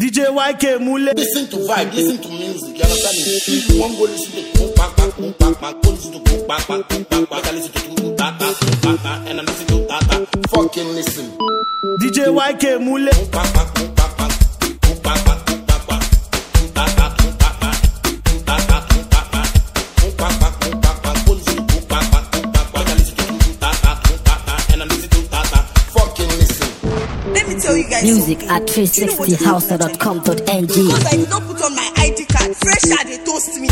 DJ YK Mule. Listen to vibe, listen to music, you understand me? One go listen to kumpaka, kumpaka, go listen to kumpaka, kumpaka, I listen to kumpaka, kumpaka, and I listen to tata. Fucking listen. DJ YK Mule. Kumpaka, kumpaka. Let me tell you guys Music something. at 360house.com.ng Because I did not put on my ID card. Fresher, they toast me.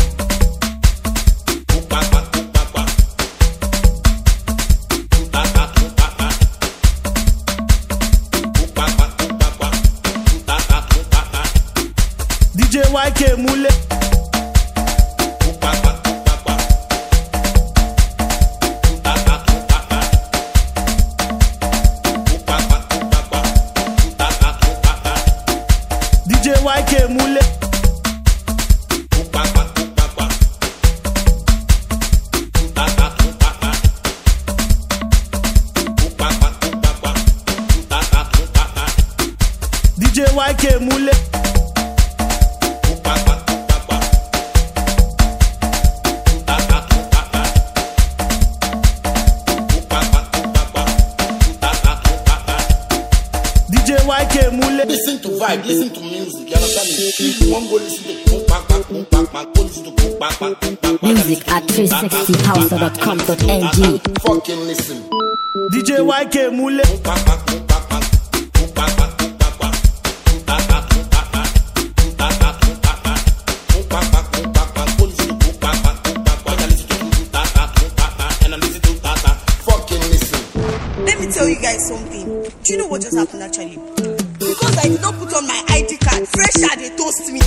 DJ YK Mule. DJ YK múlẹ̀. DJ YK múlẹ̀. YK Mule. Listen to vibe, listen to music, you understand me? If go listen to back, back, back, back, go listen to back, back, back, Music at 360house.com.ng. Fucking listen. DJ YK Mule. Let me tell you guys something. Do you know what just happened actually? because I did not put on my ID card. Fresher, they toast me.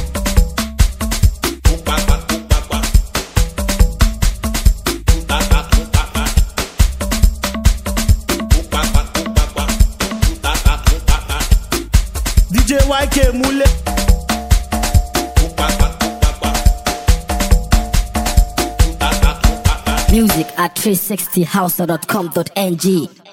DJ YK Mule. Music at 360house.com.ng